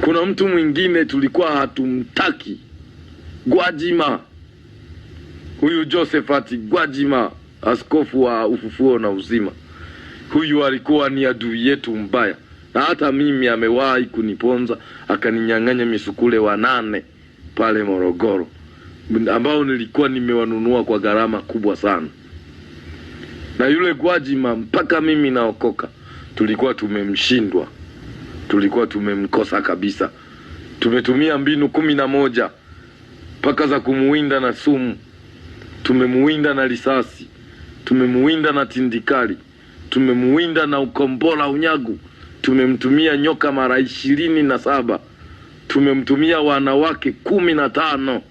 Kuna mtu mwingine tulikuwa hatumtaki Gwajima, huyu Josephat Gwajima, askofu wa ufufuo na uzima, huyu alikuwa ni adui yetu mbaya, na hata mimi amewahi kuniponza akaninyang'anya misukule wanane pale Morogoro, ambao nilikuwa nimewanunua kwa gharama kubwa sana. Na yule Gwajima mpaka mimi naokoka tulikuwa tumemshindwa tulikuwa tumemkosa kabisa. Tumetumia mbinu kumi na moja mpaka za kumuwinda na sumu, tumemuwinda na risasi, tumemuwinda na tindikali, tumemuwinda na ukombora unyagu, tumemtumia nyoka mara ishirini na saba, tumemtumia wanawake kumi na tano,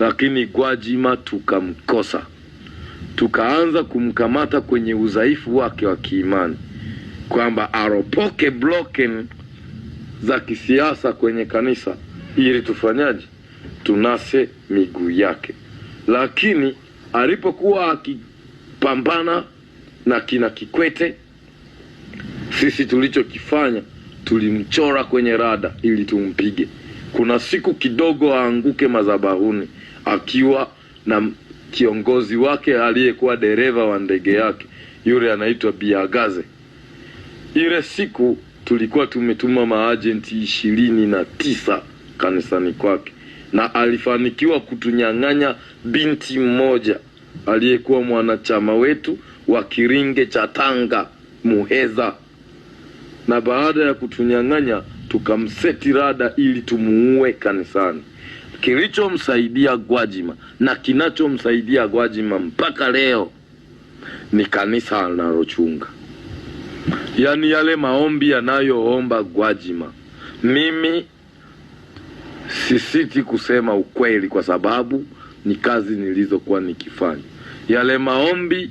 lakini Gwajima tukamkosa tukaanza kumkamata kwenye udhaifu wake wa kiimani kwamba aropoke blocken za kisiasa kwenye kanisa ili tufanyaje? Tunase miguu yake. Lakini alipokuwa akipambana na kina Kikwete, sisi tulichokifanya tulimchora kwenye rada ili tumpige. Kuna siku kidogo aanguke madhabahuni akiwa na kiongozi wake aliyekuwa dereva wa ndege yake yule anaitwa Biagaze. Ile siku tulikuwa tumetuma maajenti ishirini na tisa kanisani kwake na alifanikiwa kutunyang'anya binti mmoja aliyekuwa mwanachama wetu wa kiringe cha Tanga Muheza, na baada ya kutunyang'anya tukamseti rada ili tumuue kanisani. Kilichomsaidia Gwajima na kinachomsaidia Gwajima mpaka leo ni kanisa analochunga yaani yale maombi yanayoomba Gwajima. Mimi sisiti kusema ukweli, kwa sababu ni kazi nilizokuwa nikifanya. Yale maombi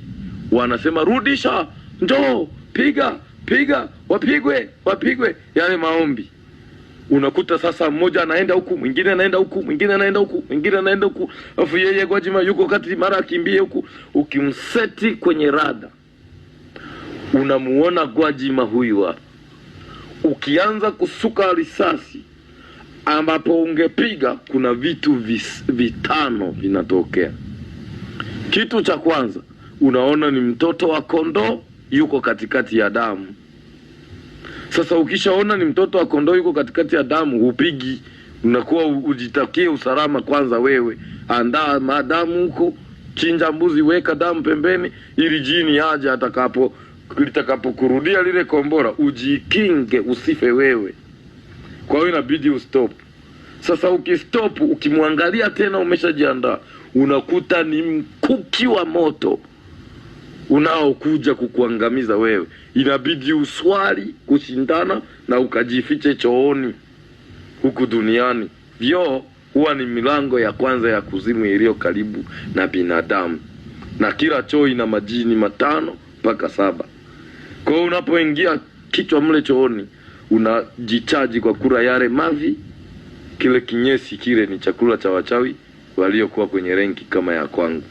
wanasema rudisha, njoo, piga piga, wapigwe, wapigwe, yale maombi unakuta sasa mmoja anaenda huku, mwingine anaenda huku, mwingine anaenda huku, mwingine anaenda huku, alafu yeye Gwajima yuko kati, mara akimbie huku, ukimseti kwenye rada unamuona Gwajima huyu hapa, ukianza kusuka risasi ambapo ungepiga, kuna vitu vis, vitano vinatokea. Kitu cha kwanza unaona ni mtoto wa kondoo yuko katikati ya damu. Sasa ukishaona ni mtoto wa kondoo yuko katikati ya damu, hupigi, unakuwa ujitakie usalama kwanza. Wewe andaa madamu huko, chinja mbuzi, weka damu pembeni, ili jini aje atakapo litakapokurudia lile kombora, ujikinge usife wewe. Kwa hiyo inabidi ustop. Sasa ukistop, ukimwangalia tena, umeshajiandaa unakuta ni mkuki wa moto unaokuja kukuangamiza wewe. Inabidi uswali kushindana na ukajifiche chooni. Huku duniani vyoo huwa ni milango ya kwanza ya kuzimu iliyo karibu na binadamu, na kila choo ina majini matano mpaka saba. Kwa hiyo unapoingia kichwa mle chooni, unajichaji kwa kula yale mavi. Kile kinyesi kile ni chakula cha wachawi waliokuwa kwenye renki kama ya kwangu.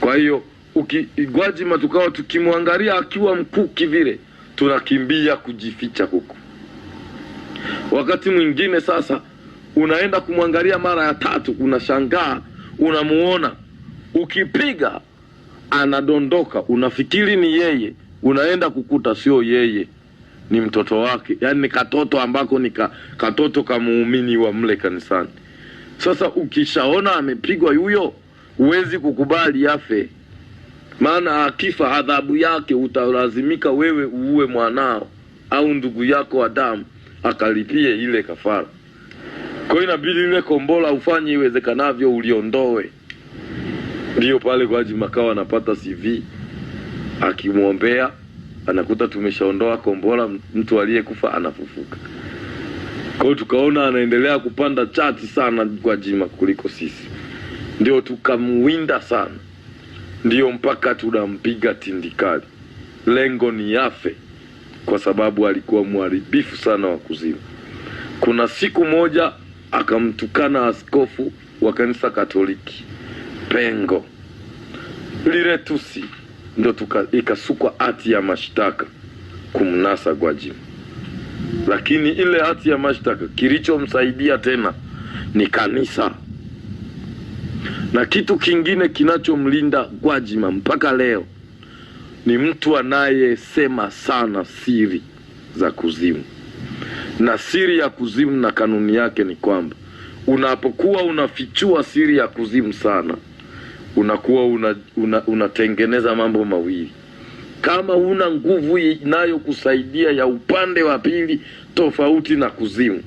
Kwa hiyo Gwajima tukawa tukimwangalia akiwa mkuki vile, tunakimbia kujificha huku. Wakati mwingine sasa unaenda kumwangalia mara ya tatu, unashangaa unamuona, ukipiga anadondoka, unafikiri ni yeye unaenda kukuta sio yeye, ni mtoto wake, yaani ni katoto ambako ni ka, katoto ka muumini wa mle kanisani. Sasa ukishaona amepigwa yuyo, huwezi kukubali afe, maana akifa adhabu yake utalazimika wewe uue mwanao au ndugu yako wa damu akalipie ile kafara. Kwa hiyo inabidi ile kombola ufanye iwezekanavyo uliondoe. Ndiyo pale Gwajima akawa anapata CV akimwombea anakuta tumeshaondoa kombora, mtu aliyekufa anafufuka. Kwa hiyo tukaona anaendelea kupanda chati sana Gwajima kuliko sisi, ndio tukamwinda sana, ndio mpaka tunampiga tindikali. Lengo ni afe, kwa sababu alikuwa mharibifu sana wa kuzima Kuna siku moja akamtukana askofu wa kanisa Katoliki Pengo, lile tusi ndo ikasukwa hati ya mashtaka kumnasa Gwajima, lakini ile hati ya mashtaka kilichomsaidia tena ni kanisa na kitu kingine kinachomlinda Gwajima mpaka leo ni mtu anayesema sana siri za kuzimu, na siri ya kuzimu na kanuni yake ni kwamba unapokuwa unafichua siri ya kuzimu sana unakuwa una, una, unatengeneza mambo mawili. Kama una nguvu inayokusaidia ya upande wa pili tofauti na kuzimu,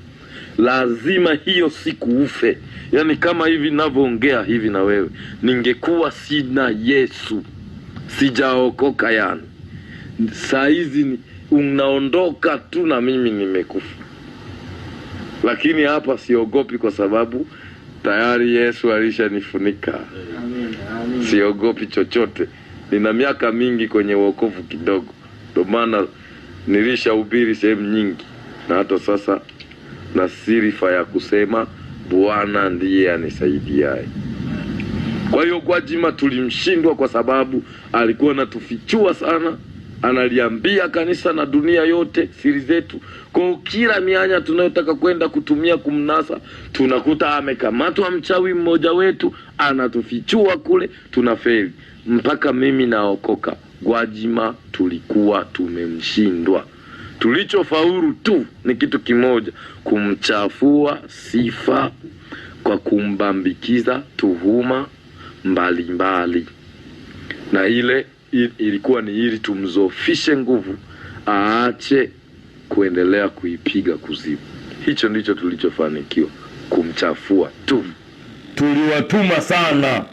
lazima hiyo siku ufe. Yaani kama hivi ninavyoongea hivi na wewe, ningekuwa sina Yesu, sijaokoka yani, saa hizi unaondoka tu na mimi nimekufa, lakini hapa siogopi kwa sababu tayari Yesu alishanifunika. Siogopi chochote, nina miaka mingi kwenye wokovu kidogo, ndio maana nilishahubiri sehemu nyingi, na hata sasa na sirifa ya kusema Bwana ndiye anisaidiaye. Kwa hiyo Gwajima tulimshindwa kwa sababu alikuwa anatufichua sana analiambia kanisa na dunia yote siri zetu. Kwa kila mianya tunayotaka kwenda kutumia kumnasa, tunakuta amekamatwa mchawi mmoja wetu, anatufichua kule, tunafeli mpaka mimi naokoka. Gwajima tulikuwa tumemshindwa. Tulichofaulu tu ni kitu kimoja, kumchafua sifa kwa kumbambikiza tuhuma mbalimbali mbali. na ile ilikuwa ni ili tumzofishe nguvu aache kuendelea kuipiga kuzimu. Hicho ndicho tulichofanikiwa kumchafua tu. Tuliwatuma sana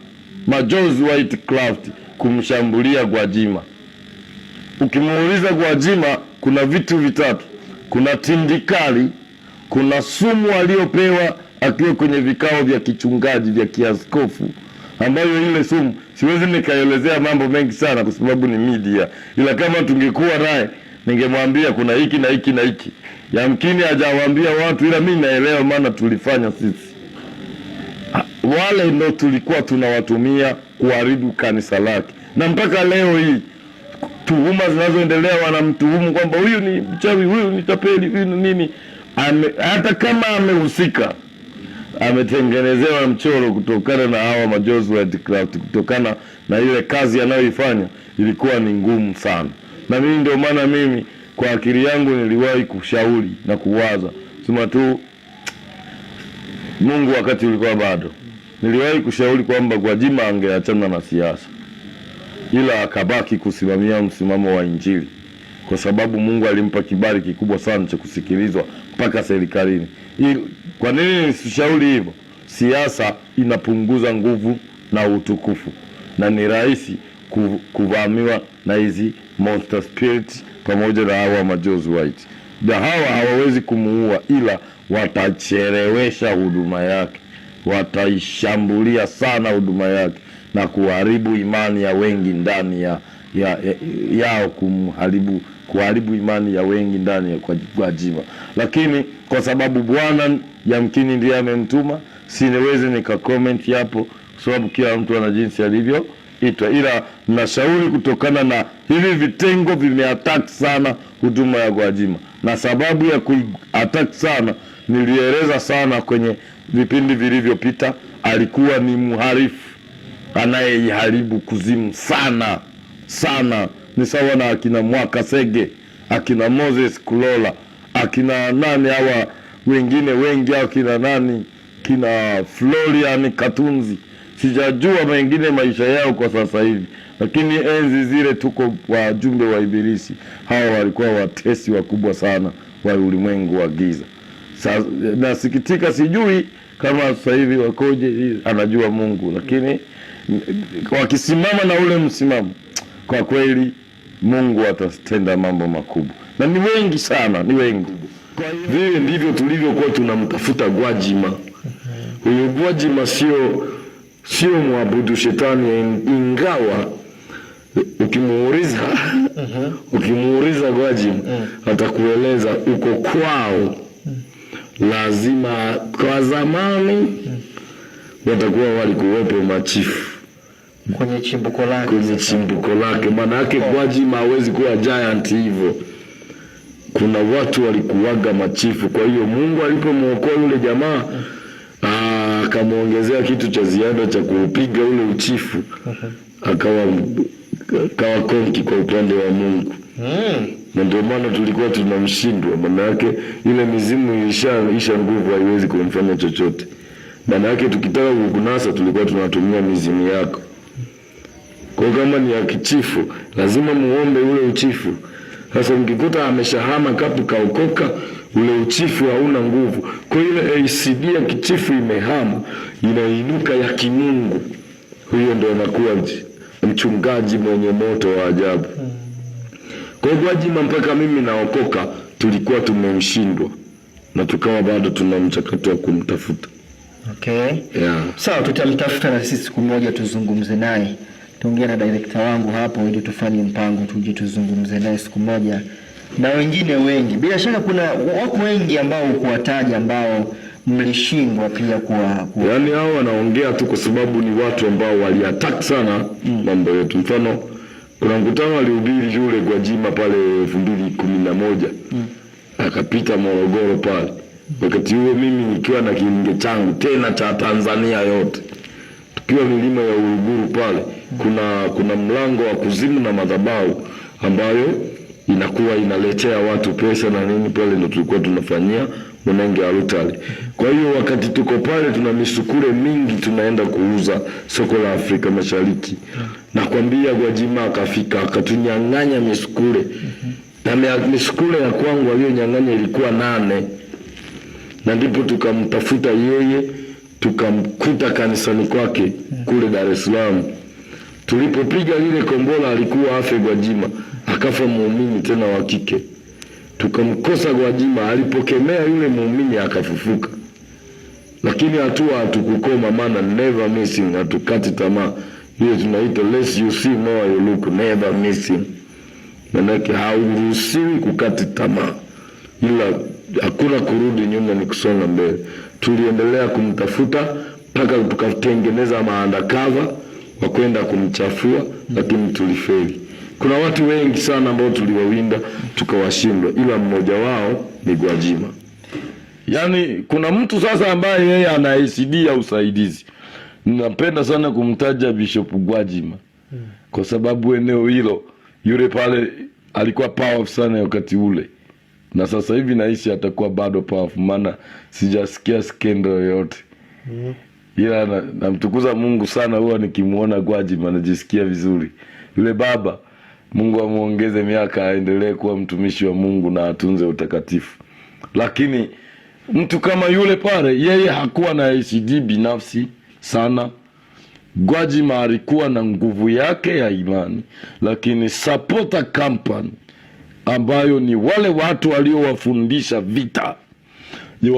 majozi Whitecraft kumshambulia Gwajima. Ukimuuliza Gwajima, kuna vitu vitatu, kuna tindikali, kuna sumu aliyopewa akiwa kwenye vikao vya kichungaji vya kiaskofu ambayo ile sumu siwezi nikaelezea mambo mengi sana kwa sababu ni media, ila kama tungekuwa naye ningemwambia kuna hiki na hiki na hiki. Yamkini hajawaambia watu, ila mi naelewa, maana tulifanya sisi. Ah, wale ndo tulikuwa tunawatumia kuharibu kanisa lake, na mpaka leo hii tuhuma zinazoendelea wanamtuhumu kwamba huyu ni mchawi, huyu ni tapeli, huyu ni nini. Hata kama amehusika ametengenezewa mchoro kutokana na hawa majozi wa handicraft, kutokana na ile kazi anayoifanya ilikuwa ni ngumu sana. Na mimi ndio maana mimi kwa akili yangu niliwahi kushauri na kuwaza sema tu Mungu wakati ulikuwa bado, niliwahi kushauri kwamba Gwajima angeachana na siasa, ila akabaki kusimamia msimamo wa Injili kwa sababu Mungu alimpa kibali kikubwa sana cha kusikilizwa mpaka serikalini. Kwa nini nisishauri hivyo? Siasa inapunguza nguvu na utukufu, na ni rahisi kuvamiwa na hizi monster spirit pamoja na hawa majozi white. Na hawa hawawezi kumuua, ila watachelewesha huduma yake, wataishambulia sana huduma yake na kuharibu imani ya wengi ndani ya, ya, ya, yao kumharibu kuharibu imani ya wengi ndani ya Gwajima, lakini kwa sababu Bwana yamkini ndiye amemtuma, siniwezi nika comment hapo, kwa sababu kila mtu ana jinsi alivyoitwa, ila nashauri kutokana na hivi vitengo vimeattack sana huduma ya Gwajima, na sababu ya kuattack sana nilieleza sana kwenye vipindi vilivyopita, alikuwa ni mharifu anayeiharibu kuzimu sana sana ni sawa na akina Sege, akina Moses Kulola, akina nani hawa wengine wengi, au kina nani, kina Florian Katunzi, sijajua mengine maisha yao kwa sasa hivi, lakini enzi zile tuko wajumbe wa Ibilisi. Hawa walikuwa watesi wakubwa sana wa ulimwengu wa giza. Sa, nasikitika, sijui kama sasa hivi wakoje, anajua Mungu, lakini wakisimama na ule msimamo, kwa kweli Mungu atatenda mambo makubwa, na ni wengi sana, ni wengi. Vile ndivyo tulivyokuwa tunamtafuta Gwajima. Huyo Gwajima sio sio mwabudu shetani, ingawa ukimuuliza mhm. ukimuuliza Gwajima mhm. atakueleza uko kwao, lazima kwa zamani mhm. watakuwa walikuwepo machifu kwenye chimbuko lake, kwenye chimbuko lake. Maana yake Gwajima hawezi kuwa giant hivyo. Kuna watu walikuwaga machifu. Kwa hiyo Mungu alipomwokoa yule jamaa mm. ah, akamwongezea kitu cha ziada cha kuupiga ule uchifu, mm-hmm. akawa kawa konki kwa upande wa Mungu mm. Na ndio maana tulikuwa tunamshindwa. Maana yake ile mizimu ilisha isha nguvu, haiwezi kumfanya chochote. Maana yake tukitaka kukunasa, tulikuwa tunatumia mizimu yako. Kwa kama ni ya kichifu, lazima muombe ule uchifu. Sasa mkikuta ameshahama kapu kaokoka, ule uchifu hauna nguvu. Kwa hiyo ile ACD ya kichifu imehama, inainuka ya kimungu. Huyo ndio anakuwa mchungaji mwenye moto wa ajabu. Kwa hiyo Gwajima mpaka mimi naokoka, tulikuwa tumemshindwa na tukawa bado tuna mchakato wa kumtafuta. Okay. Yeah. Sawa, tutamtafuta na sisi siku moja tuzungumze naye tuongee na director wangu hapo, ili tufanye mpango tuje tuzungumze naye siku moja na wengine wengi. Bila shaka kuna wako wengi ambao ukuwataja ambao mlishindwa pia kuwa, kuwa. Yaani hao wanaongea tu kwa sababu ni watu ambao waliattack sana mm. mambo yetu. Mfano kuna mkutano alihubiri yule Gwajima pale elfu mbili kumi na moja mm. akapita Morogoro pale wakati huo mimi nikiwa na kilinge changu tena cha Tanzania yote pia milima ya Uluguru pale kuna, kuna mlango wa kuzimu na madhabahu ambayo inakuwa inaletea watu pesa na nini pale, ndo tulikuwa tunafanyia Munenge Altare. Kwa hiyo wakati tuko pale, tuna misukure mingi tunaenda kuuza soko la Afrika Mashariki. Nakwambia Gwajima akafika akatunyang'anya misukure na misukure ya kwangu aliyonyang'anya ilikuwa nane, na ndipo tukamtafuta yeye tukamkuta kanisani kwake kule Dar es Salaam. Tulipopiga lile kombola, alikuwa afe Gwajima, akafa muumini tena wa kike. Tukamkosa Gwajima, alipokemea yule muumini akafufuka. Lakini hatua hatukukoma, maana never missing, hatukati tamaa. Hiyo tunaita less you see more you look, never missing. Manake hauruhusiwi kukati tamaa, ila hakuna kurudi nyuma, ni kusonga mbele tuliendelea kumtafuta mpaka tukatengeneza maandakava wa kwenda kumchafua, lakini tulifeli. Kuna watu wengi sana ambao tuliwawinda tukawashindwa, ila mmoja wao ni Gwajima. Yaani kuna mtu sasa ambaye yeye ana ACD ya usaidizi. Napenda sana kumtaja Bishop Gwajima kwa sababu eneo hilo yule pale alikuwa powerful sana wakati ule na sasa hivi naishi atakuwa bado pafu maana sijasikia skendo yoyote mm. Ila namtukuza na Mungu sana, huwa nikimwona Gwajima najisikia vizuri. Yule baba Mungu amwongeze miaka, aendelee kuwa mtumishi wa Mungu na atunze utakatifu. Lakini mtu kama yule pale, yeye hakuwa na hd binafsi sana. Gwajima alikuwa na nguvu yake ya imani, lakini supporter company ambayo ni wale watu waliowafundisha vita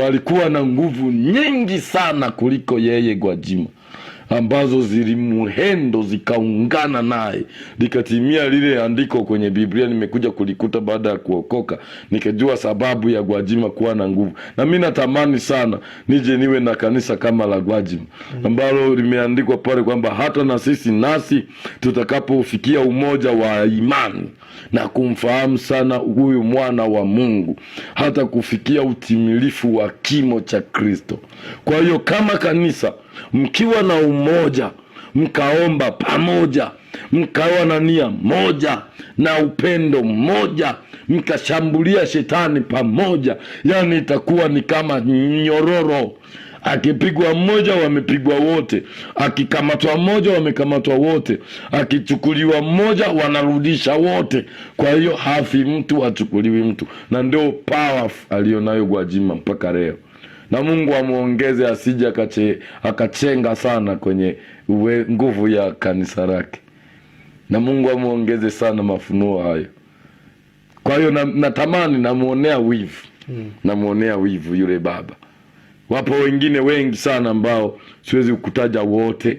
walikuwa na nguvu nyingi sana kuliko yeye Gwajima, ambazo zilimuhendo zikaungana naye, likatimia lile andiko kwenye Biblia. Nimekuja kulikuta baada ya kuokoka, nikajua sababu ya Gwajima kuwa na nguvu, na mi natamani sana nije niwe na kanisa kama la Gwajima mm. ambalo limeandikwa pale kwamba hata na sisi nasi tutakapofikia umoja wa imani na kumfahamu sana huyu mwana wa Mungu hata kufikia utimilifu wa kimo cha Kristo. Kwa hiyo kama kanisa, mkiwa na umoja, mkaomba pamoja, mkawa na nia moja na upendo mmoja, mkashambulia shetani pamoja, yani itakuwa ni kama mnyororo Akipigwa mmoja wamepigwa wote, akikamatwa mmoja wamekamatwa wote, akichukuliwa mmoja wanarudisha wote. Kwa hiyo hafi mtu, achukuliwi mtu, na ndio power aliyonayo Gwajima mpaka leo, na Mungu amwongeze asije akachenga sana kwenye uwe, nguvu ya kanisa lake, na Mungu amwongeze sana mafunuo hayo. Kwa hiyo natamani na namwonea wivu, hmm. namwonea wivu yule baba. Wapo wengine wengi sana ambao siwezi kutaja wote,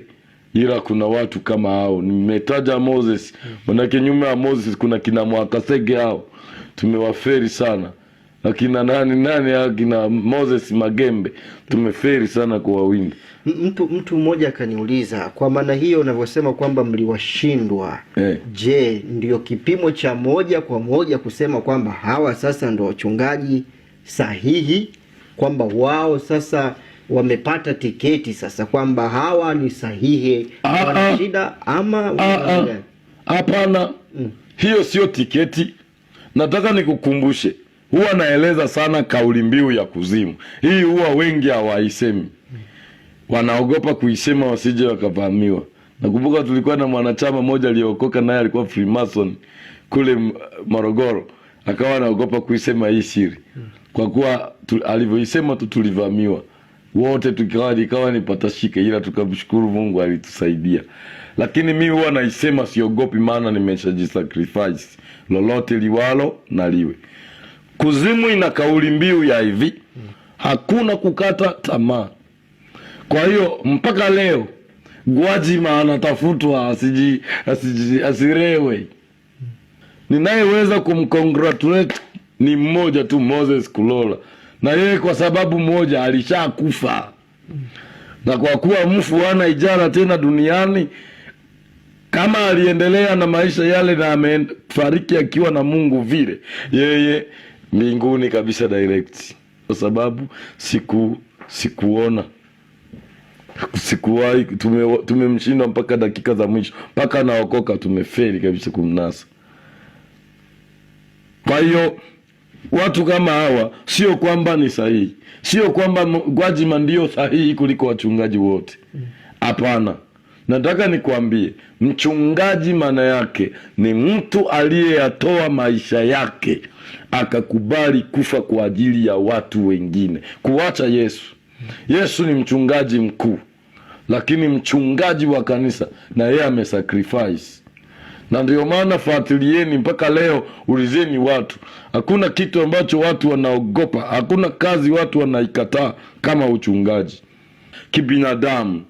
ila kuna watu kama hao. Nimetaja Moses, manake nyuma ya Moses kuna kina Mwakasege, hao tumewaferi sana akina nani nani, akina Moses Magembe tumeferi sana kwa wingi. Mtu mtu mmoja akaniuliza, kwa maana hiyo unavyosema kwamba mliwashindwa eh, je, ndio kipimo cha moja kwa moja kusema kwamba hawa sasa ndo wachungaji sahihi kwamba wao sasa wamepata tiketi sasa, kwamba hawa ni sahihi ah, ah. wana shida ama ah, hapana? Mm. Hiyo sio tiketi. Nataka nikukumbushe, huwa naeleza sana kauli mbiu ya kuzimu hii, huwa wengi hawaisemi, wanaogopa kuisema wasije wakavamiwa. Nakumbuka tulikuwa na mwanachama mmoja aliyookoka, naye alikuwa Freemason kule Morogoro, akawa anaogopa kuisema hii siri. Mm kwa kuwa alivyoisema tu tulivamiwa wote tukiwa ikawa ni patashika, ila tukamshukuru Mungu alitusaidia. Lakini mi huwa naisema siogopi, maana nimeshajisacrifice. Lolote liwalo na liwe. Kuzimu ina kauli mbiu ya hivi, hakuna kukata tamaa. Kwa hiyo mpaka leo Gwajima anatafutwa asiji, asiji, asirewe. Ninayeweza kumcongratulate ni mmoja tu, Moses Kulola, na yeye kwa sababu moja alishakufa, na kwa kuwa mfu hana ijara tena duniani, kama aliendelea na maisha yale na amefariki akiwa na Mungu vile, yeye mbinguni kabisa direct, kwa sababu siku sikuona sikuwahi tumemshinda, tume mpaka dakika za mwisho, mpaka anaokoka tumefeli kabisa kumnasa. Kwa hiyo watu kama hawa, sio kwamba ni sahihi, sio kwamba Gwajima ndio sahihi kuliko wachungaji wote, hapana. Nataka nikwambie, mchungaji maana yake ni mtu aliyeyatoa maisha yake akakubali kufa kwa ajili ya watu wengine, kuwacha Yesu. Yesu ni mchungaji mkuu, lakini mchungaji wa kanisa na yeye amesacrifice na ndio maana fuatilieni mpaka leo, ulizeni watu. Hakuna kitu ambacho watu wanaogopa, hakuna kazi watu wanaikataa kama uchungaji. Kibinadamu,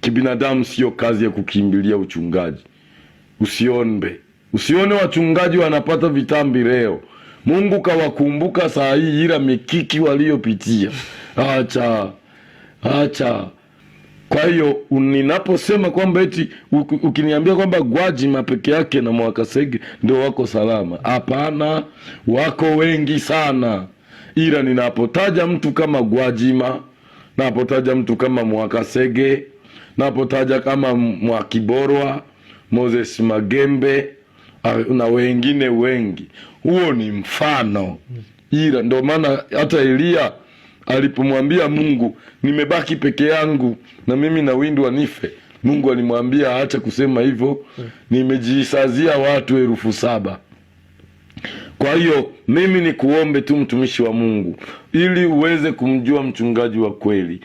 kibinadamu sio kazi ya kukimbilia uchungaji. Usionbe, usione wachungaji wanapata vitambi leo. Mungu kawakumbuka saa hii, ila mikiki waliopitia. Acha, acha kwa hiyo ninaposema kwamba eti ukiniambia kwamba Gwajima peke yake na sege ndio wako salama, hapana, wako wengi sana, ila ninapotaja mtu kama Gwajima, napotaja mtu kama Mwakasege, napotaja kama Mwakiborwa, Moses Magembe na wengine wengi, huo ni mfano, ila ndio maana hata Elia alipomwambia Mungu, nimebaki peke yangu na mimi nawindwa nife, Mungu alimwambia acha kusema hivyo, nimejisazia watu elfu saba. Kwa hiyo mimi ni kuombe tu mtumishi wa Mungu, ili uweze kumjua mchungaji wa kweli,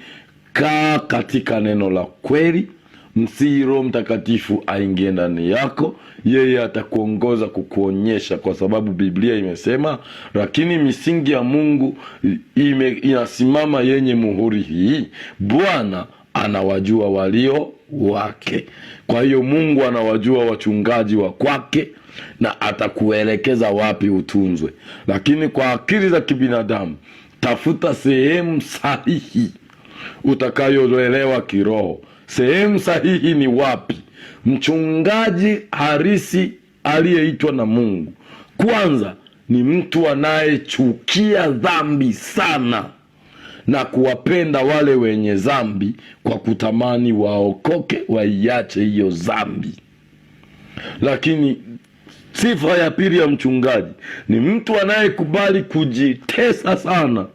kaa katika neno la kweli msihi Roho Mtakatifu aingie ndani yako, yeye atakuongoza kukuonyesha, kwa sababu Biblia imesema, lakini misingi ya Mungu ime, inasimama yenye muhuri hii, Bwana anawajua walio wake. Kwa hiyo Mungu anawajua wachungaji wa kwake na atakuelekeza wapi utunzwe, lakini kwa akili za kibinadamu tafuta sehemu sahihi utakayoelewa kiroho sehemu sahihi ni wapi? Mchungaji harisi aliyeitwa na Mungu kwanza ni mtu anayechukia dhambi sana na kuwapenda wale wenye dhambi kwa kutamani waokoke, waiache hiyo dhambi. Lakini sifa ya pili ya mchungaji ni mtu anayekubali kujitesa sana,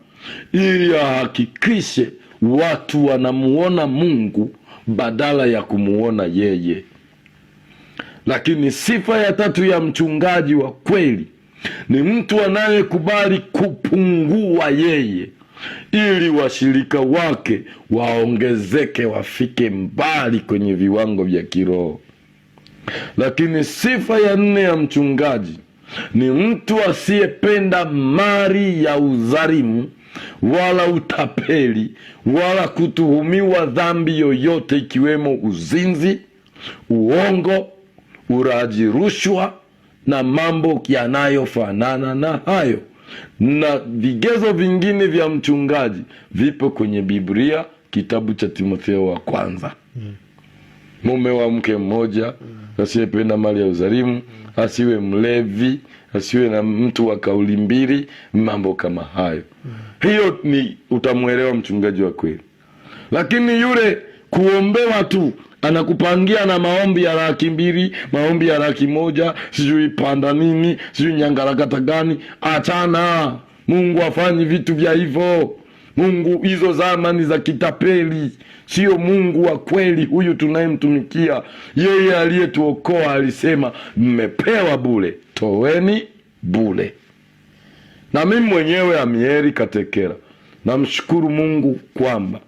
ili ahakikishe watu wanamuona Mungu badala ya kumuona yeye. Lakini sifa ya tatu ya mchungaji wa kweli ni mtu anayekubali kupungua yeye, ili washirika wake waongezeke, wafike mbali kwenye viwango vya kiroho. Lakini sifa ya nne ya mchungaji ni mtu asiyependa mali ya udhalimu wala utapeli wala kutuhumiwa dhambi yoyote ikiwemo uzinzi, uongo, uraji rushwa na mambo yanayofanana na hayo. Na vigezo vingine vya mchungaji vipo kwenye Biblia, kitabu cha Timotheo wa kwanza. Hmm mume wa mke mmoja, asiyependa mali ya uzalimu, asiwe mlevi, asiwe na mtu wa kauli mbili, mambo kama hayo. Hiyo ni utamwelewa mchungaji wa kweli. Lakini yule kuombewa tu anakupangia na maombi ya laki mbili, maombi ya laki moja, sijui panda nini, sijui nyangarakata gani. Achana, Mungu afanyi vitu vya hivyo. Mungu hizo zama ni za kitapeli, sio Mungu wa kweli huyu tunayemtumikia. Yeye aliyetuokoa alisema mmepewa bule, toweni bule. Na mimi mwenyewe Amieri Katekera namshukuru Mungu kwamba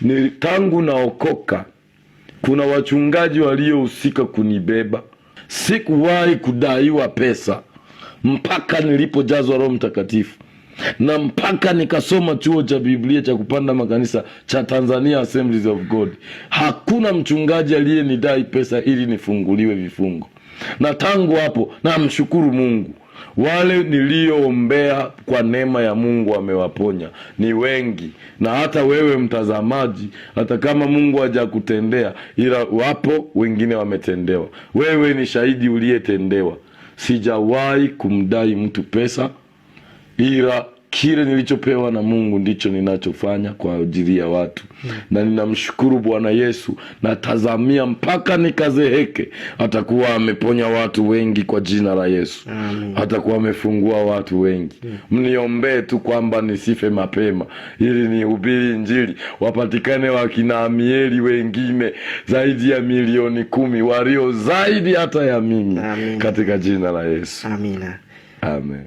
ni tangu naokoka kuna wachungaji waliohusika kunibeba. Sikuwahi kudaiwa pesa mpaka nilipojazwa Roho Mtakatifu na mpaka nikasoma chuo cha Biblia cha kupanda makanisa cha Tanzania Assemblies of God, hakuna mchungaji aliyenidai pesa ili nifunguliwe vifungo, na tangu hapo namshukuru Mungu wale niliyoombea kwa neema ya Mungu amewaponya ni wengi, na hata wewe mtazamaji, hata kama Mungu hajakutendea, ila wapo wengine wametendewa. Wewe ni shahidi uliyetendewa. Sijawahi kumdai mtu pesa ila kile nilichopewa na Mungu ndicho ninachofanya kwa ajili ya watu mm. na ninamshukuru Bwana Yesu, natazamia mpaka nikazeheke atakuwa ameponya watu wengi kwa jina la Yesu mm. atakuwa amefungua watu wengi mm. mniombee tu kwamba nisife mapema, ili nihubiri Injili, wapatikane wakina Amieli wengine zaidi ya milioni kumi walio zaidi hata ya mimi, katika jina la Yesu Amina. Amen.